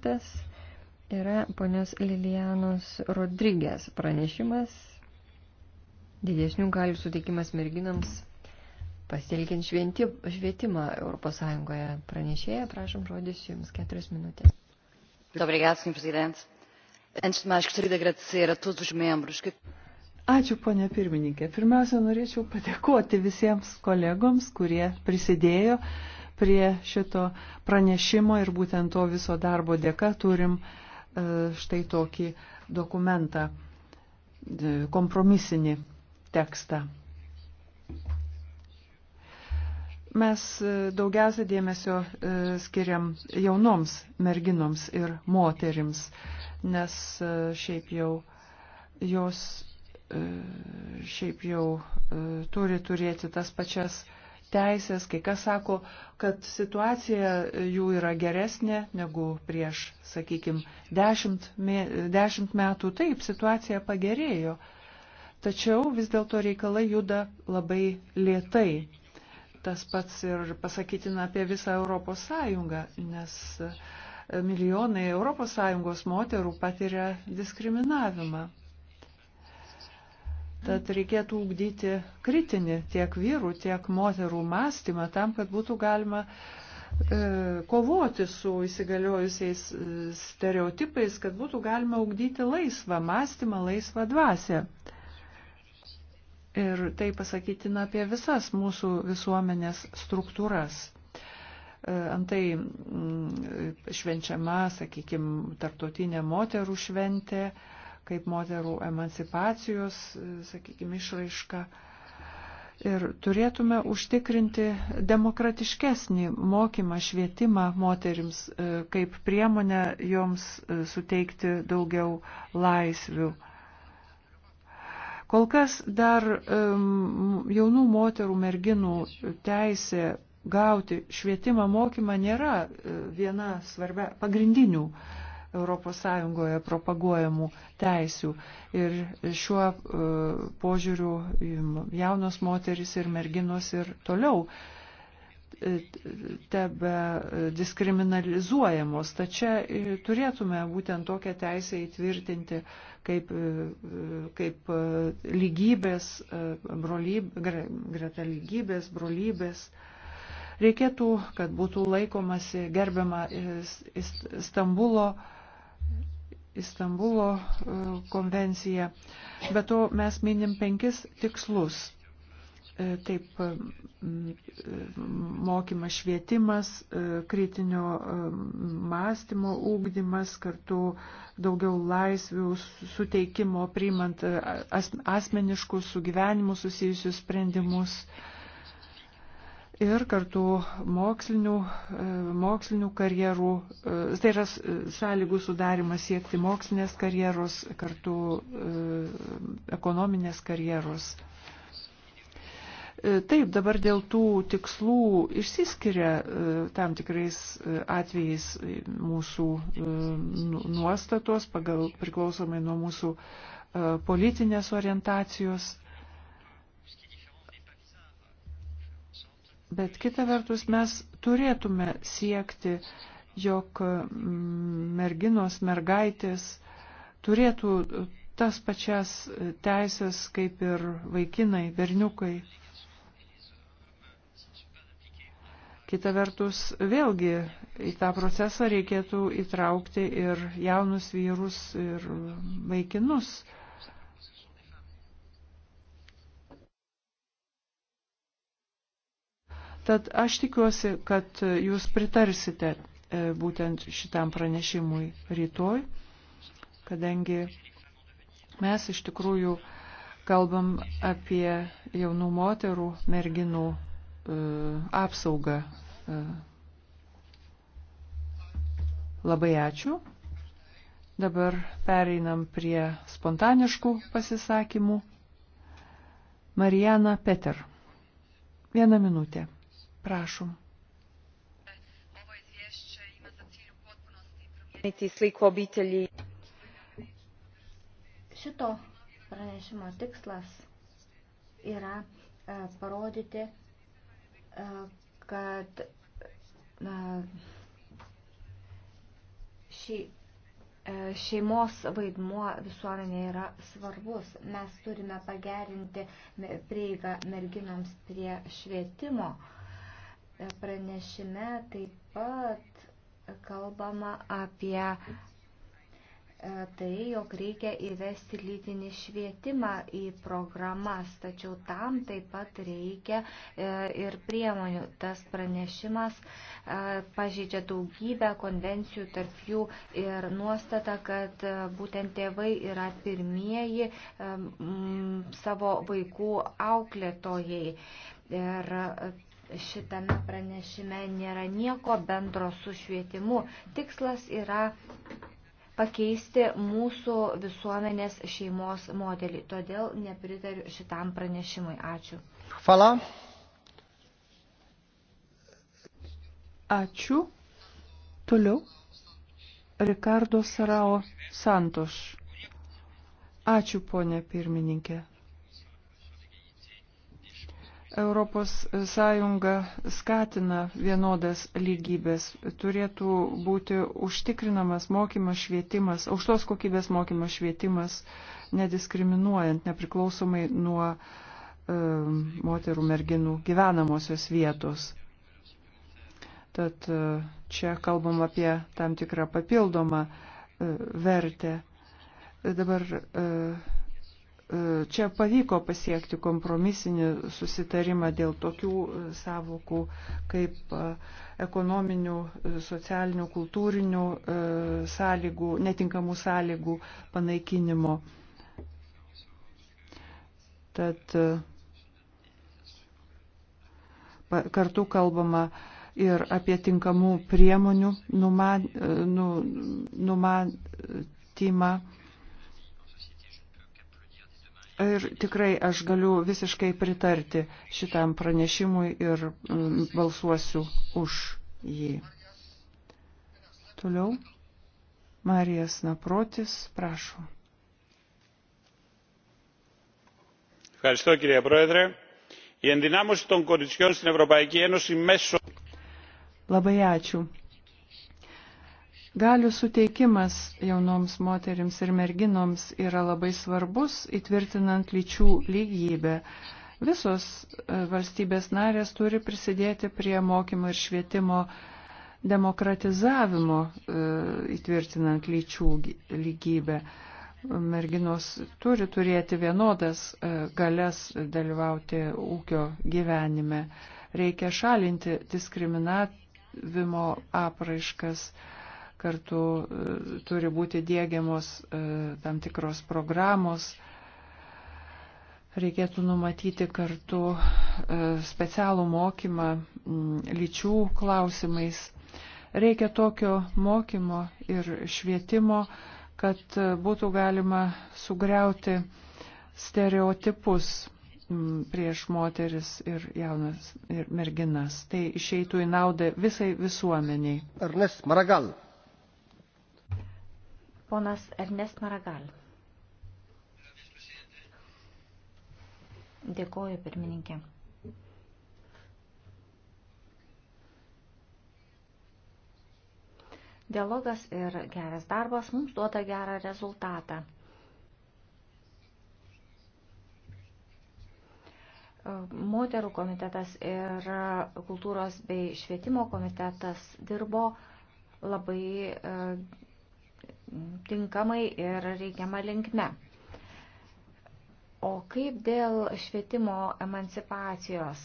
Kitas yra ponios Lilianos Rodrygės pranešimas. Didesnių galių suteikimas merginams pasitelkiant švietimą Europos Sąjungoje. Pranešėja, prašom, žodis jums keturias minutės. Obrigado, senhor presidente. Antes de mais, gostaria de agradecer a todos os membros que Ačiū, ponė pirmininkė. Pirmiausia, norėčiau padėkoti visiems kolegoms, kurie prisidėjo prie šito pranešimo ir būtent to viso darbo dėka turim e, štai tokį dokumentą, e, kompromisinį tekstą. Mes e, daugiausia dėmesio skiriam jaunoms merginoms ir moterims, nes šiaip jau jos šiaip jau turi turėti tas pačias uh, teisės, kai kas sako, kad situacija jų yra geresnė negu prieš, sakykime, dešimt, dešimt metų. Taip, situacija pagerėjo, tačiau vis dėlto reikalai juda labai lietai. Tas pats ir pasakytina apie visą Europos Sąjungą, nes e, milijonai Europos Sąjungos moterų patiria diskriminavimą. Tad reikėtų ugdyti kritinį tiek vyrų, tiek moterų mąstymą tam, kad būtų galima e, kovoti su įsigaliojusiais e, stereotipais, kad būtų galima ugdyti laisvą mąstymą, laisvą dvasę. Ir tai pasakytina apie visas mūsų visuomenės struktūras e, antai mm, švenčiama, sakykime, tarptautinė moterų šventė, kaip moterų emancipacijos, sakykime, išraiška. Ir turėtume užtikrinti demokratiškesnį mokymą, švietimą moterims, e, kaip priemonę joms e, suteikti daugiau laisvių. Kol kas dar um, jaunų moterų, merginų teisė gauti švietimą, mokymą nėra e, viena svarbia pagrindinių uh, ES propaguojamų teisių. Ir šiuo e, požiūriu jaunos moteris ir merginos ir toliau e, tebe diskriminalizuojamos. Tačiau e, turėtume būtent tokią teisę įtvirtinti kaip, kaip lygybės, brolyb, greta lygybės, brolybės reikėtų, kad būtų laikomasi gerbiama Stambulo Istanbulo e, konvenciją. Be to mes minim penkis tikslus. E, taip, e, mokymas švietimas, kritinio mąstymo ūkdymas, kartu daugiau laisvių suteikimo, priimant asmeniškus su gyvenimu susijusius sprendimus ir kartu mokslinių, e, mokslinių karjerų, e, tai yra sąlygų sudarimas siekti mokslinės karjeros, kartu e, ekonominės karjeros. Taip, dabar dėl tų tikslų išsiskiria tam tikrais atvejais mūsų nu, nuostatos, pagal priklausomai nuo mūsų politinės orientacijos. Bet kita vertus mes turėtume siekti, jog mm, merginos, mergaitės turėtų tas pačias teisės kaip ir vaikinai, berniukai. Kita vertus, vėlgi į tą procesą reikėtų įtraukti ir jaunus vyrus, ir vaikinus. Tad aš tikiuosi, kad jūs pritarsite e, būtent šitam pranešimui rytoj, kadangi mes iš tikrųjų kalbam apie jaunų moterų, merginų e, apsaugą. E. Labai ačiū. Dabar pereinam prie spontaniškų pasisakymų. Marijana Peter. Vieną minutę. Prašom. sliku obitelji. Šito pranešimo tikslas yra e, parodyti, e, kad e, šį e, šeimos vaidmuo visuomenėje yra svarbus. Mes turime pagerinti prieigą merginoms prie švietimo. E, Pranešime taip pat kalbama apie e, tai, jog reikia įvesti lytinį švietimą į programas, tačiau tam taip pat reikia e, ir priemonių. Tas pranešimas e, pažeidžia daugybę konvencijų, tarp jų ir nuostata, kad būtent tėvai yra pirmieji savo vaikų auklėtojai. Ir šitame pranešime nėra nieko bendro su švietimu. Tikslas yra pakeisti mūsų visuomenės šeimos modelį. Todėl nepritariu šitam pranešimui. Ačiū. Fala. Ačiū. Toliau. Ricardo Sarao Santoš. Ačiū, ponė pirmininkė. ES skatina vienodas lygybės, turėtų būti užtikrinamas mokymas švietimas, aukštos kokybės mokymas švietimas, nediskriminuojant nepriklausomai nuo e, moterų merginų gyvenamosios vietos. Tad e, čia kalbam apie tam tikrą papildomą e, vertę. Dabar e, Čia pavyko pasiekti kompromisinį susitarimą dėl tokių e, savokų kaip e, ekonominių, e, socialinių, kultūrinių sąlygų, netinkamų sąlygų panaikinimo. Tad kartu kalbama ir apie tinkamų priemonių nu, numatymą. Numa, numa, Ir tikrai aš galiu visiškai pritarti šitam pranešimui ir mm, balsuosiu už jį. Toliau. Marijas Naprotis, prašom. Ευχαριστώ κύριε Πρόεδρε. Η ενδυνάμωση των κοριτσιών στην Ευρωπαϊκή Ένωση μέσω... Labai ačiū. Galių suteikimas jaunoms moterims ir merginoms yra labai svarbus, įtvirtinant lyčių lygybę. Visos e, valstybės narės turi prisidėti prie mokymo ir švietimo demokratizavimo, e, įtvirtinant lyčių lygybę. Merginos turi turėti vienodas e, galės dalyvauti ūkio gyvenime. Reikia šalinti diskriminavimo apraiškas kartu e, turi būti dėgiamos e, tam tikros programos. Reikėtų numatyti kartu e, specialų mokymą lyčių klausimais. Reikia tokio mokymo ir švietimo, kad būtų galima sugriauti stereotipus prieš moteris ir jaunas ir merginas. Tai išeitų į naudą visai visuomeniai. Ernest Maragal. Ponas Ernest Maragal. Dėkoju, pirmininkė. Dialogas ir geras darbas mums duoda gerą rezultatą. Moterų komitetas ir kultūros bei švietimo komitetas dirbo labai e, tinkamai ir reikiamą linkme. O kaip dėl švietimo emancipacijos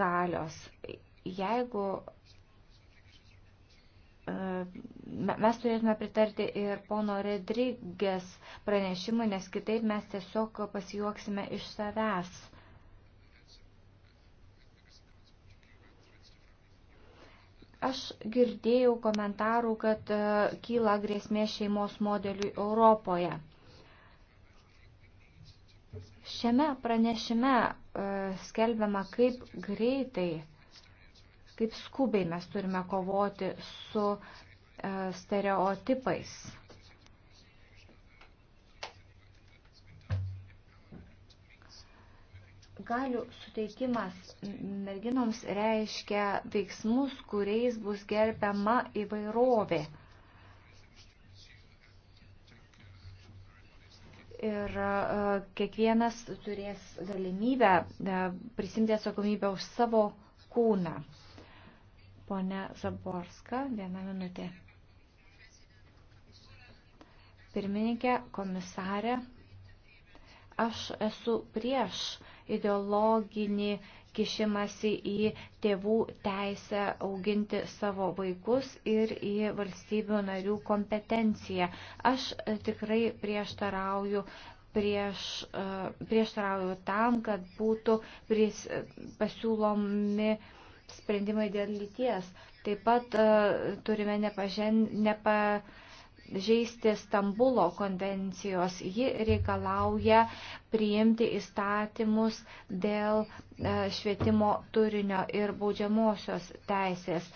galios? Jeigu e, mes turėtume pritarti ir pono Redrigės pranešimui, nes kitaip mes tiesiog pasijuoksime iš savęs. Aš girdėjau komentarų, kad e, kyla grėsmė šeimos modeliui Europoje. Šiame pranešime e, skelbiama, kaip greitai, kaip skubiai mes turime kovoti su e, stereotipais. Galių suteikimas merginoms reiškia veiksmus, kuriais bus gerbiama įvairovė. ir e, kiekvienas turės galimybę e, prisimti atsakomybę už savo kūną. Pone Zaborska, viena minutė. Pirmininkė, komisarė. Aš esu prieš ideologinį kišimasi į tėvų teisę auginti savo vaikus ir į valstybių narių kompetenciją. Aš e, tikrai prieštarauju prieš, e, prieštarauju tam, kad būtų pris, e, pasiūlomi sprendimai dėl lyties. Taip pat uh, turime nepažen, nepa, uh, žaisti Stambulo konvencijos. Ji reikalauja priimti įstatymus dėl e, švietimo turinio ir baudžiamosios teisės.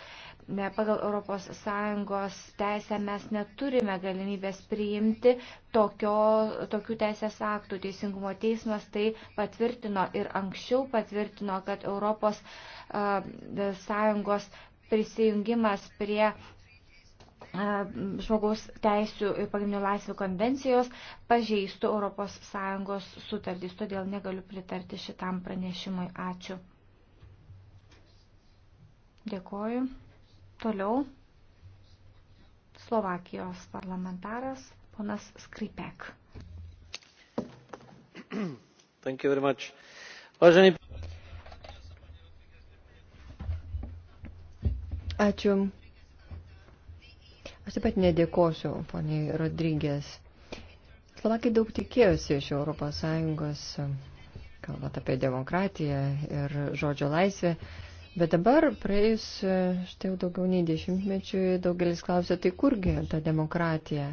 Ne, pagal ES teisę mes neturime galimybės priimti tokio, tokių teisės aktų. Teisingumo teismas tai patvirtino ir anksčiau patvirtino, kad ES e, prisijungimas prie žmogaus teisų ir pagrindinių laisvių konvencijos pažeistų ES sutartys, todėl negaliu pritarti šitam pranešimui. Ačiū. Dėkoju. Toliau Slovakijos parlamentaras ponas Skripek. Thank you very much. Važeni... Ačiū Aš taip pat nedėkosiu, poniai Rodrygės. Slovakai daug tikėjosi iš ES, kalbant apie demokratiją ir žodžio laisvę. Bet dabar, praėjus štai jau daugiau nei dešimtmečiui, daugelis klausia, tai kurgi ta demokratija?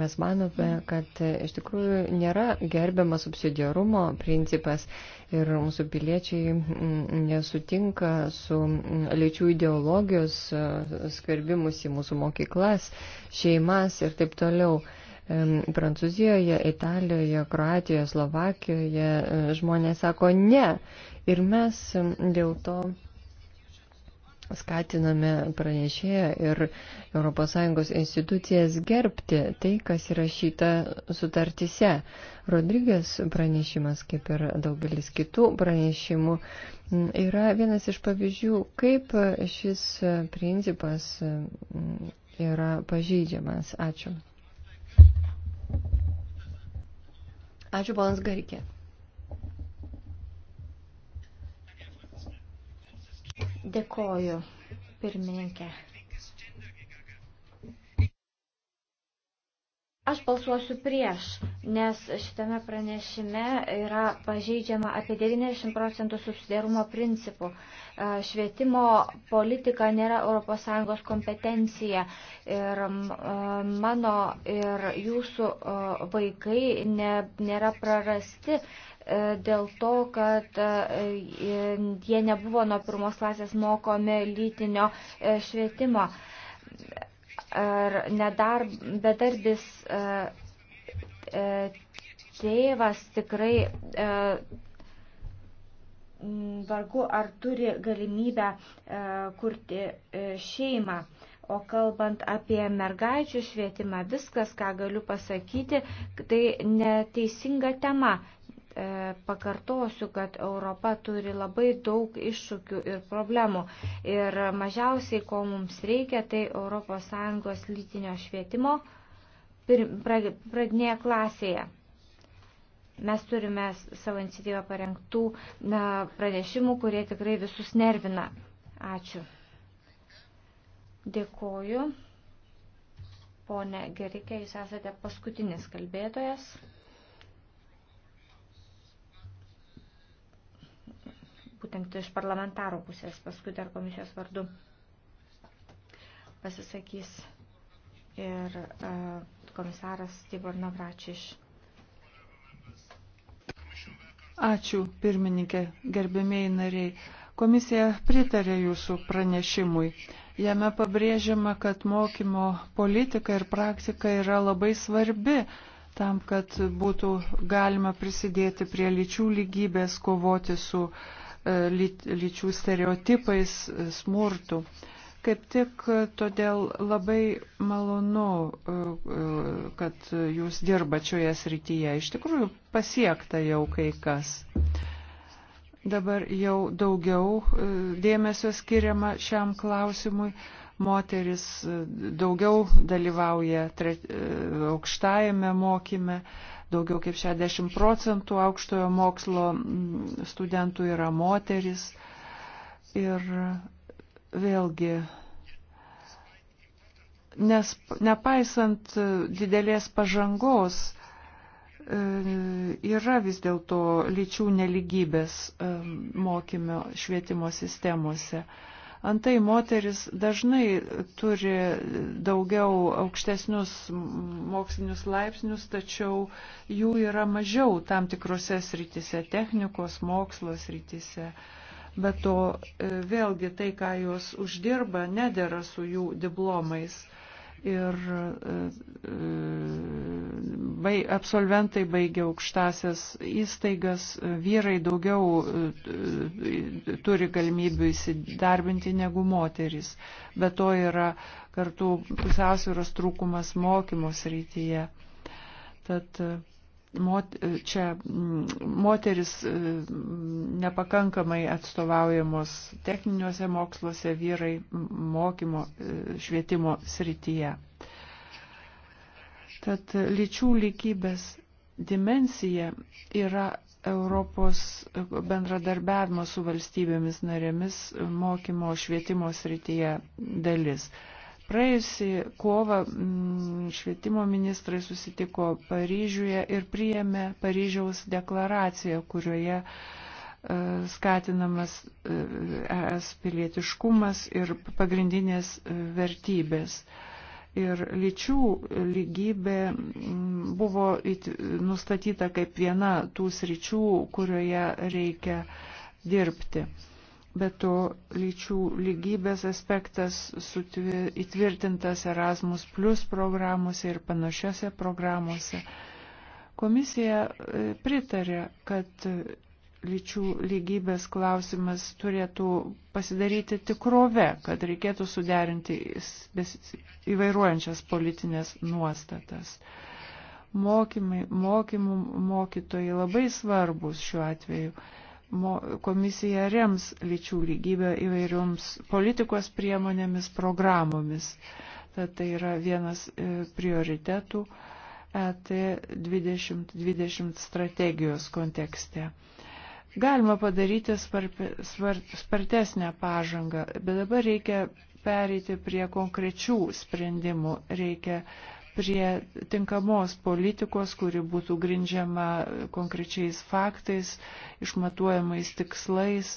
Mes manome, kad iš tikrųjų nėra gerbiamas subsidiarumo principas ir mūsų piliečiai nesutinka su lyčių ideologijos e, skarbimus į mūsų mokyklas, šeimas ir taip toliau. Prancūzijoje, Italijoje, Kroatijoje, Slovakijoje e, žmonės sako ne. Ir mes dėl to skatiname pranešėją ir ES institucijas gerbti tai, kas yra šita sutartise. Rodrygės pranešimas, kaip ir daugelis kitų pranešimų, yra vienas iš pavyzdžių, kaip šis principas yra pažeidžiamas. Ačiū. Ačiū, ponas Garikė. Dėkoju, pirmininkė. Aš balsuosiu prieš, nes šitame pranešime yra pažeidžiama apie 90 procentų susidarumo principų. E, švietimo politika nėra ES kompetencija ir e, mano ir jūsų e, vaikai nėra prarasti dėl to, kad jie nebuvo nuo pirmos klasės mokomi lytinio švietimo ar nedar, bedarbis e, e, tėvas tikrai e, vargu ar turi galimybę kurti šeimą. O kalbant apie mergaičių švietimą, viskas, ką galiu pasakyti, tai neteisinga tema. E, pakartosiu, kad Europa turi labai daug iššūkių ir problemų. Ir mažiausiai, ko mums reikia, tai ES lytinio švietimo pradinėje klasėje. Mes turime savo iniciatyvą parengtų pranešimų, kurie tikrai visus nervina. Ačiū. Dėkoju. Pone Gerikė, jūs esate paskutinis kalbėtojas. būtent iš parlamentaro pusės, paskui dar komisijos vardu pasisakys ir e, komisaras Tibor Navračiš. Ačiū, pirmininkė, gerbėmiai nariai. Komisija pritarė jūsų pranešimui. Jame pabrėžiama, kad mokymo politika ir praktika yra labai svarbi tam, kad būtų galima prisidėti prie lyčių lygybės, kovoti su uh, E, lyčių stereotipais, e, smurtu. Kaip tik e, todėl labai malonu, kad jūs dirbat šioje srityje. Iš tikrųjų pasiekta jau kai kas. Dabar jau daugiau dėmesio skiriama šiam klausimui. Moteris daugiau dalyvauja aukštajame mokyme, Daugiau kaip 60 procentų aukštojo mokslo mm, studentų yra moteris. Ir vėlgi, nes nepaisant didelės pažangos, e, yra vis dėlto lyčių neligybės e, mokymo švietimo sistemose. Antai moteris dažnai turi daugiau aukštesnius mokslinius laipsnius, tačiau jų yra mažiau tam tikrose srityse, technikos, mokslo srityse. Bet to e, vėlgi tai, ką jos uždirba, nedėra su jų diplomais ir e, e, bai, absolventai baigia aukštasias įstaigas, e, vyrai daugiau turi galimybių įsidarbinti negu moteris, bet to yra kartu pusiausvėros trūkumas mokymos rytyje. Tad mot, čia mm, moteris e, nepakankamai atstovaujamos techniniuose moksluose, vyrai mokymo e, švietimo srityje. Tad lyčių lygybės dimensija yra Europos bendradarbiavimo su valstybėmis narėmis mokymo švietimo srityje dalis. Praėjusį kovą mm, švietimo ministrai susitiko Paryžiuje ir priėmė Paryžiaus deklaraciją, kurioje e, skatinamas es e pilietiškumas ir pagrindinės e, vertybės. Ir lyčių lygybė mm, buvo nustatyta kaip viena tų sričių, kurioje reikia dirbti. Bet to lyčių lygybės aspektas įtvirtintas Erasmus Plus programuose ir panašiose programuose. Komisija e, pritarė, kad lyčių lygybės klausimas turėtų pasidaryti tikrove, kad reikėtų suderinti įvairuojančias politinės nuostatas. Mokymai, mokymų mokytojai labai svarbus šiuo atveju komisija rems lyčių lygybę įvairioms politikos priemonėmis, programomis. Tad tai yra vienas e, prioritetų ET 2020 strategijos kontekste. Galima padaryti spartesnę pažangą, bet dabar reikia pereiti prie konkrečių sprendimų, reikia prie tinkamos politikos, kuri būtų grindžiama konkrečiais faktais, išmatuojamais tikslais.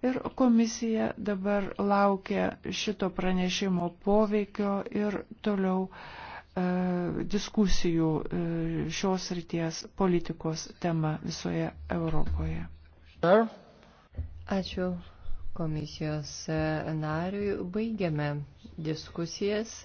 Ir komisija dabar laukia šito pranešimo poveikio ir toliau e, diskusijų e, šios ryties politikos tema visoje Europoje. Ačiū komisijos e, nariui. Baigiame diskusijas.